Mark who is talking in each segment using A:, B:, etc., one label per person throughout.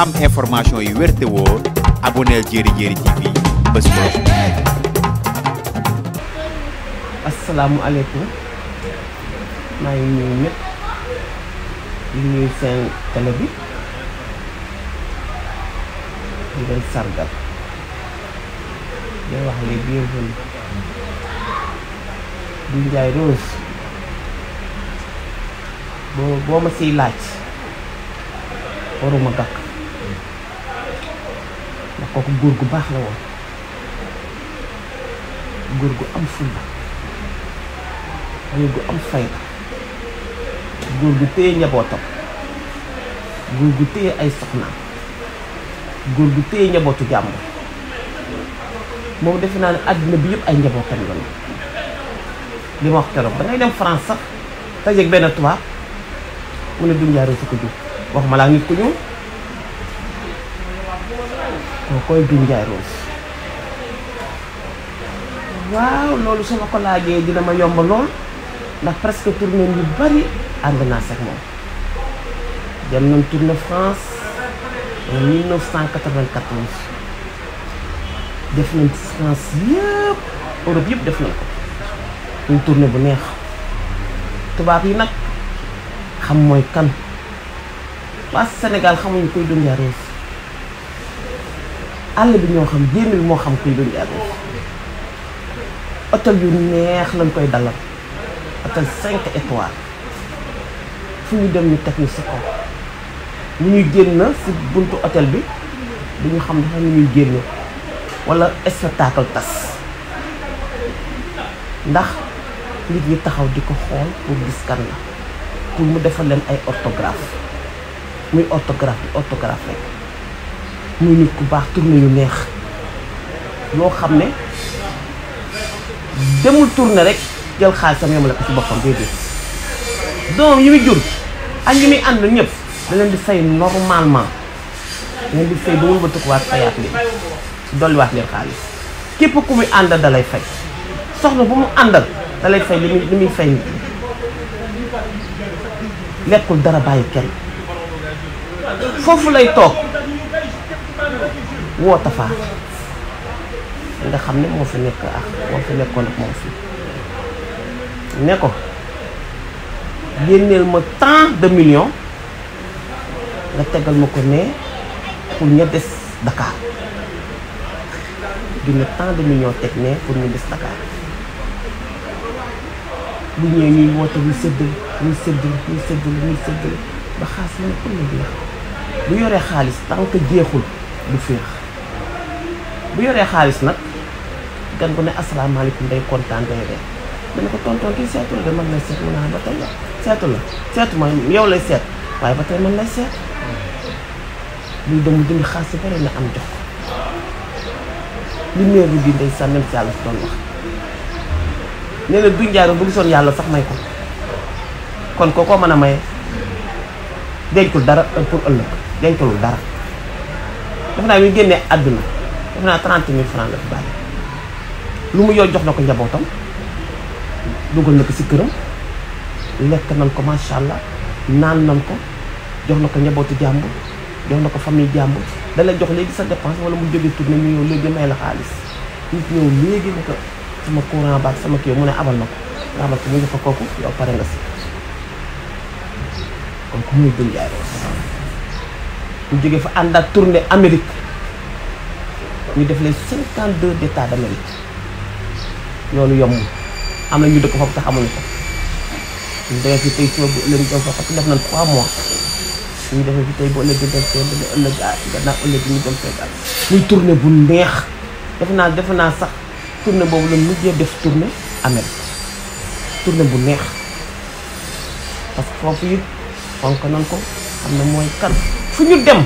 A: am information yu wér te wóor abonneel Jeri Jeri TV bés ko. asalaamualeykum maa ngi nuyu ñëpp di nuyu seen télé bi di leen sargal di wax les bienvenus du Ndiaye Rose boo boo ma siy laaj waruma gàkk ndax kooku góor gu baax la woon góor gu am fulla góor gu am fayda góor gu téye njabootam góor gu téye ay soxnaam góor gu téye njabootu jàmbur moom defe naa ne àddina bi yëpp ay njabootam la li ma wax keroog ba ngay dem France sax tajeeg benn tubaab mu ne Doudou Ndiaye Rose ko jur waxuma laa nit ku ñuul Tukoy koy binjaay rose waaw loolu su ma ko laajee dina ma yomb lool Na presko turno yung bari ang naa mo. Diyan nung nañ tournée France en 1994 def nañ France yëpp Europe yup, def nañ ko ñu tournée bu neex tubaab yi nag xam mooy kan waa Sénégal xamuñu koy Dundiya Rose àll bi ñoo xam génn bi moo xam kuy duñ jàpp hôtel yu neex lañ koy dalal hôtel 5 étoiles fu ñu dem ñu teg ñu si kaw ñu ñuy génn si buntu hôtel bi ñu xam dafa ñu ñuy génn wala spectacle tas ndax nit ñi taxaw di ko xool pour gis kan la pour mu defal leen ay orthographe muy orthographe di orthographe rek mu nit ku baax tournée yu neex yoo xam ne demul tournée rek jël xaalisam yemale ko ci boppam déedéet doom yi muy jur ak yi muy ànd ñëpp da leen di fay normalement da leen di fay ba wëlbatikuwaat fayaat leen xaalis képp ku muy àndal da lay faj soxna bu mu àndal da lay fay li muy li lekkul dara bàyyi kenn foofu lay toog. woo Tafa nga xam ne moo fi nekk ak moo fi nekkoon ak moom fii ne ko génneel ma tant de millions nga tegal ma ko ne pour ña des Dakar génne tant de millions teg ne pour ñu des Dakar bu ñëwee ñuy woote ñu séddale ñu séddale ñu séddale ba xaalis la ne pour la jeex bu yoree xaalis tant que jeexul du bu yoree xaalis nag gan bu ne asalaamaaleykum day kontaan day ree dana ko tonton kii seetu la de man lay seet mu naa ba tey la seetu la seetu ma yow lay seet waaye ba tey man lay seet luy dem dindi xaalis bare na am jox li meer bi di ndey sax même si yàlla si doon wax nee na duñ jaaro bu gisoon yàlla sax may ko kon kookoo mën a maye dencul dara pour ëllëg denculul dara dafa naa ñu génnee àdduna naa 30 000 francs la fi lu mu yooyu jox na ko njabootam dugal na ko si këram lekk nan ko allah naan nan ko jox na ko njabootu jàmbur jox na ko famille jàmbur da lay jox léegi sa dépense wala mu jóge tourné ñu ñëw léegi may la xaalis nit ñëw léegi ne ko sama courant baat sama kii mu ne abal na ko nga abal ko mu ko kooku yow pare nga si kon ku muy gën jaay mu jóge fa ànd ak tournée Amérique ñu def les 52 d'États d'Amérique loolu yomb am na ñu dëkk foofu te xamuñu ko ñu defee fi tey suba def nañ 3 mois ñu defee fi tey bu ëllëg di dem fee ba ëllëg ah gannaaw ëllëg ah. tournée bu neex defe naa defe naa sax tournée boobu la mujjee def tournée Amérique tournée bu neex parce que foofu it fonk nañ ko xam ne mooy kan fu ñu dem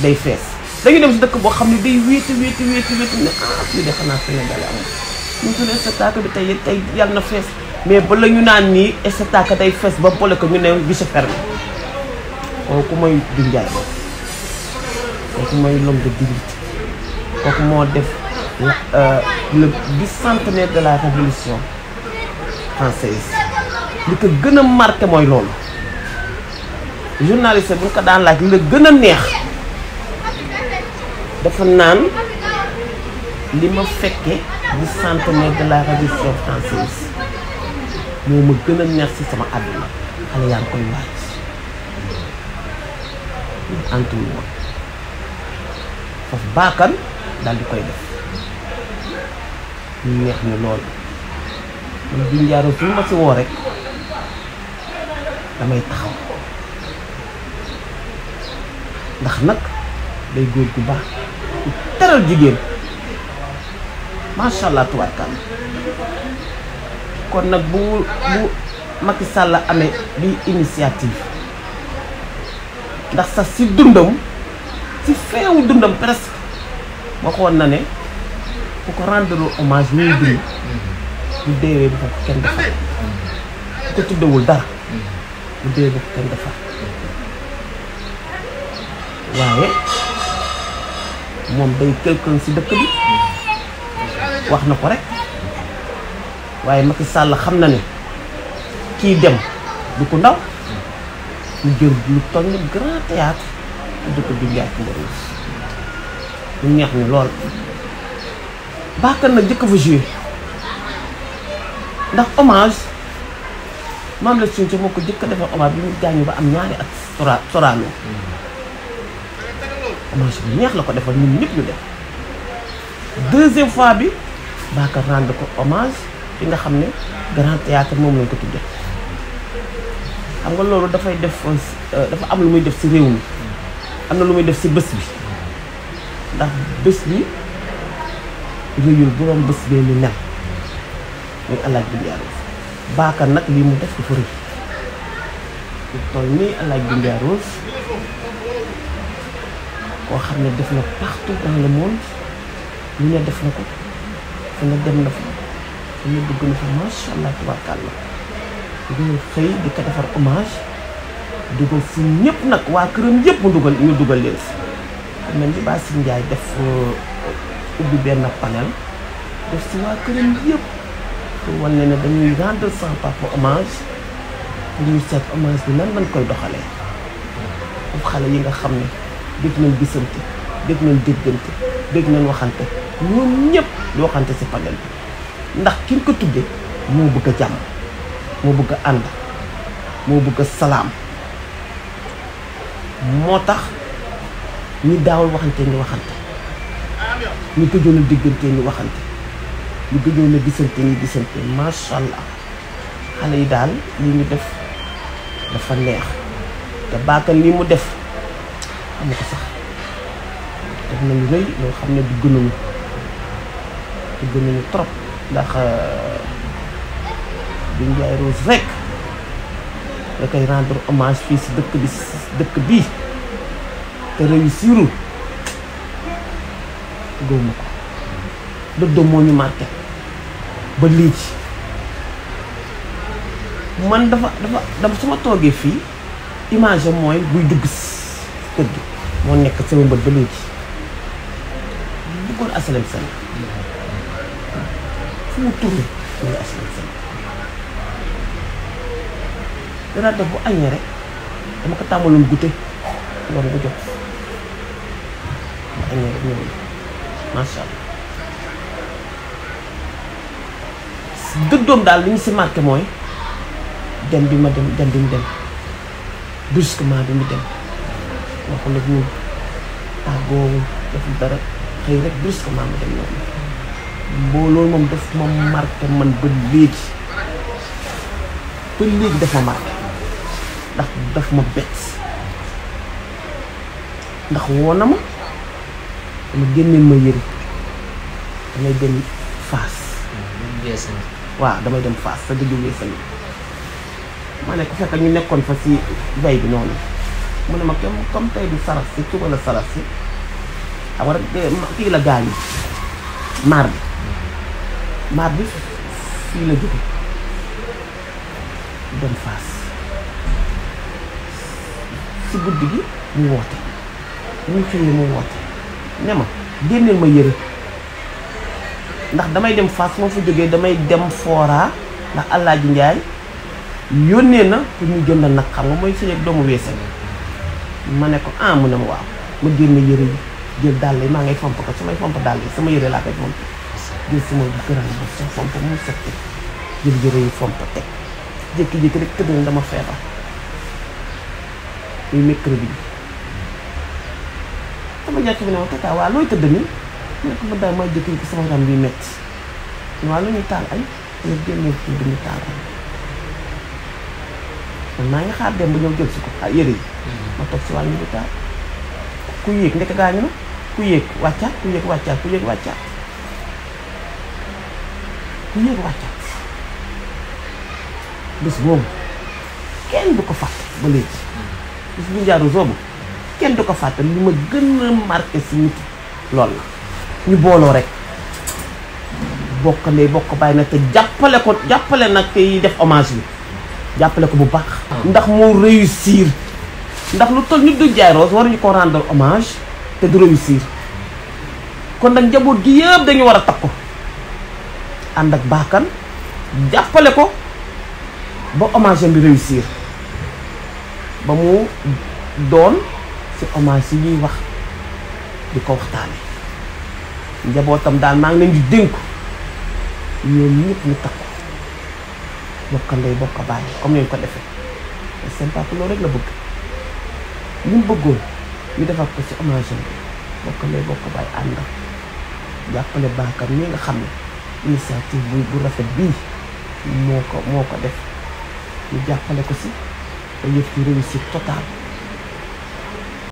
A: day fees. dañu dem si dëkk boo xam ne day wéeti wéeti wéeti wéeti ne ah fii de xanaa Sénégal amul ñun suñu spectacle bi tey tey yàlla na fees mais ba la ñu naan nii spectacle day fees ba boole ko ñu ne guichet fermé kooku mooy du njaay boobu kooku mooy l'homme de kooku moo def euh, le du centenaire de la révolution française li ko gën a marqué mooy loolu journaliste bu ñu ko daan laaj la gën a neex dafa naan li ma fekke du centenaire de la Révolution française moo ma gën a neex ci sama àdduna xale yaa ngi koy waaj ñu di koy def ñu neex ñu lool man binjaaroo su ma ci woo rek damay taxaw ndax nag day góor gu baax teral jigéen macha allah tubaarkàlla kon nag bu bu Macky Sall amee bi initiative ndax sa si dundam si feewu dundam presque waxoon na ne ku ko rendre hommage muy dund bu deewee bu ko kenn defar bu ko tuddewul dara bu deewee bu ko kenn defar waaye moom day quelqu'un ci dëkk bi wax na ko rek waaye Macky sàll xam na ne kii dem du ko ndaw ñu jël lu toll grand théâtre ci dëkk bi njaay ko mboro neex ni lool baakan nag jëkk fa joué ndax hommage maam la suñ sa moo ko jëkk defal hommage bi mu gaañu ba am ñaari at sora soraanoo manche bu neex la ko defal ñun ñëpp ñu def deuxième fois bi Bakar rendre ko hommage ki nga xam ne grand théâtre moom lañ ko tudde xam nga loolu dafay def euh, dafa am lu muy def ci réew mi am na lu muy def ci bés bi ndax bés bi réyul borom bés bee ni nel muy alaaj bi Ndiarose Bakar nag lii mu def dafa rëy lu toll nii alaaj bi Ndiarose koo xam ne def na partout dans le monde lu ne def na ko fu ne dem na fa fu ne dugg na fa macha allah tabaarkàlla ngay xëy di ko defar hommage dugal fu ñëpp nag waa këram yëpp mu dugal ñu dugal leen fi xam nañ ni Bassi Ndiaye def uh, ubbi benn panel def si waa këram yëpp pour wane ne dañuy rendre sans papa hommage pour ñu seet hommage bi nan lañ koy doxalee pour xale yi nga xam ne. dégg nañ gisante dégg nañ déggante dégg nañ waxante ñoom ñëpp di waxante si panel bi ndax ki ko tuddee moo bëgg a jàmm moo bëgg a ànd moo bëgg a salaam moo tax ñi daawul waxante ni waxante ñu gëjoon a déggante ni waxante ñu gëjoon a gisante ni gisante macha allah xale yi daal li ñu def dafa neex te baakal li mu def. amu ko sax def nañu lay loo xam ne du gënuñu du gënuñu trop ndax duñ jaay rose rek da koy rendre hommage fii si dëkk bi dëkk bii te réussirul gëwma ko dëddoo moo ñu marqué ba lii man dafa dafa dama suma toogee fii image mooy buy dugg si moo nekk sama ba léegi bëggoon asalam seen fu mu tourné mu ngi asalam seen danaa def bu añee dama ko tàmmaloon goûter loolu bu jot bu añee rek ñëw allah dëddoom daal li ñu si marqué mooy dem bi ma dem dem bi mu dem brusquement bi mu dem loo xam ne ñun temps boobu deful dara xëy rek brusquement ma dem noonu boo loolu moom daf ma marqué man ba léegi ba léegi daf ma marqué ndax daf ma bett ndax woo na ma dama génneel ma yëri damay dem faas waaw damay dem faas sa diggu weesani ma ne ko fekk ñu nekkoon fa si bay bi noonu mu ne ma comme comme tey du saras si suba la saras si xam nga rek kii la gaañu maar bi maar bi fii la jóge dem faas si guddi gi mu woote ñu xëyee mu woote ne ma génneel ma yëre ndax damay dem faas moo fu jógee damay dem foora ndax Alaaji Njaay yónnee na pour ñu jënd nag xam nga mooy sëñ ak doomu weesal ma ne ko ah ma waaw ma génne yëre yi jël dàll yi maa ngi fomp ko su may fomp dàll yi sama yëre laa koy fomp jël sama grand bu sa fomp mu sotti jël yëre yi fomp teg jëkk jékki rek tëdd dama feebar muy mercredi bi sama jàkk bi ne ma tata waa sama ram bi metti waaw lu ñuy taal ay ñu génne fi duñu taal ay man ngi xaar dem ba ñëw jël si ko ah yére yi mm-hmm. ma toog si wàññi bi taal ku yéeg ndekk gaañu na ku yéeg wàccaat ku yéeg wàccaat ku yéeg wàccaat ku yéeg bés boobu kenn du ko fàtte ba léegi mm-hmm. bés bu njaaru soobu kenn du ko fàtte li ma gën a marqué si nit lool la ñu booloo rek bokk ndey bokk bàyyi nag te jàppale ko jàppale nag te def hommage jàppale ko bu baax ndax mo réussir ndax lu tol ñu du jaay rose ñu ko rendre hommage oh, te du réussir kon nak njaboot gi yeb dañu wara takko and ak baakan jàppale ko ba hommage bi réussir ba mu doon ci hommage oh, yi wax di ko waxtaane njabootam daal maa ngi leen di dénku ñoom ñëpp ñu takku bokka ndey bokka bàyyi comme ñu ko defee parce que seen papa loolu rek la bëgg li mu bëggoon ñu defar ko ci hommage bi bokk na bokk bàyyi ànd jàppale baakam ñi nga xam ne initiative bu rafet bii moo ko moo ko def ñu jàppale ko si ba yëf ci réussite totale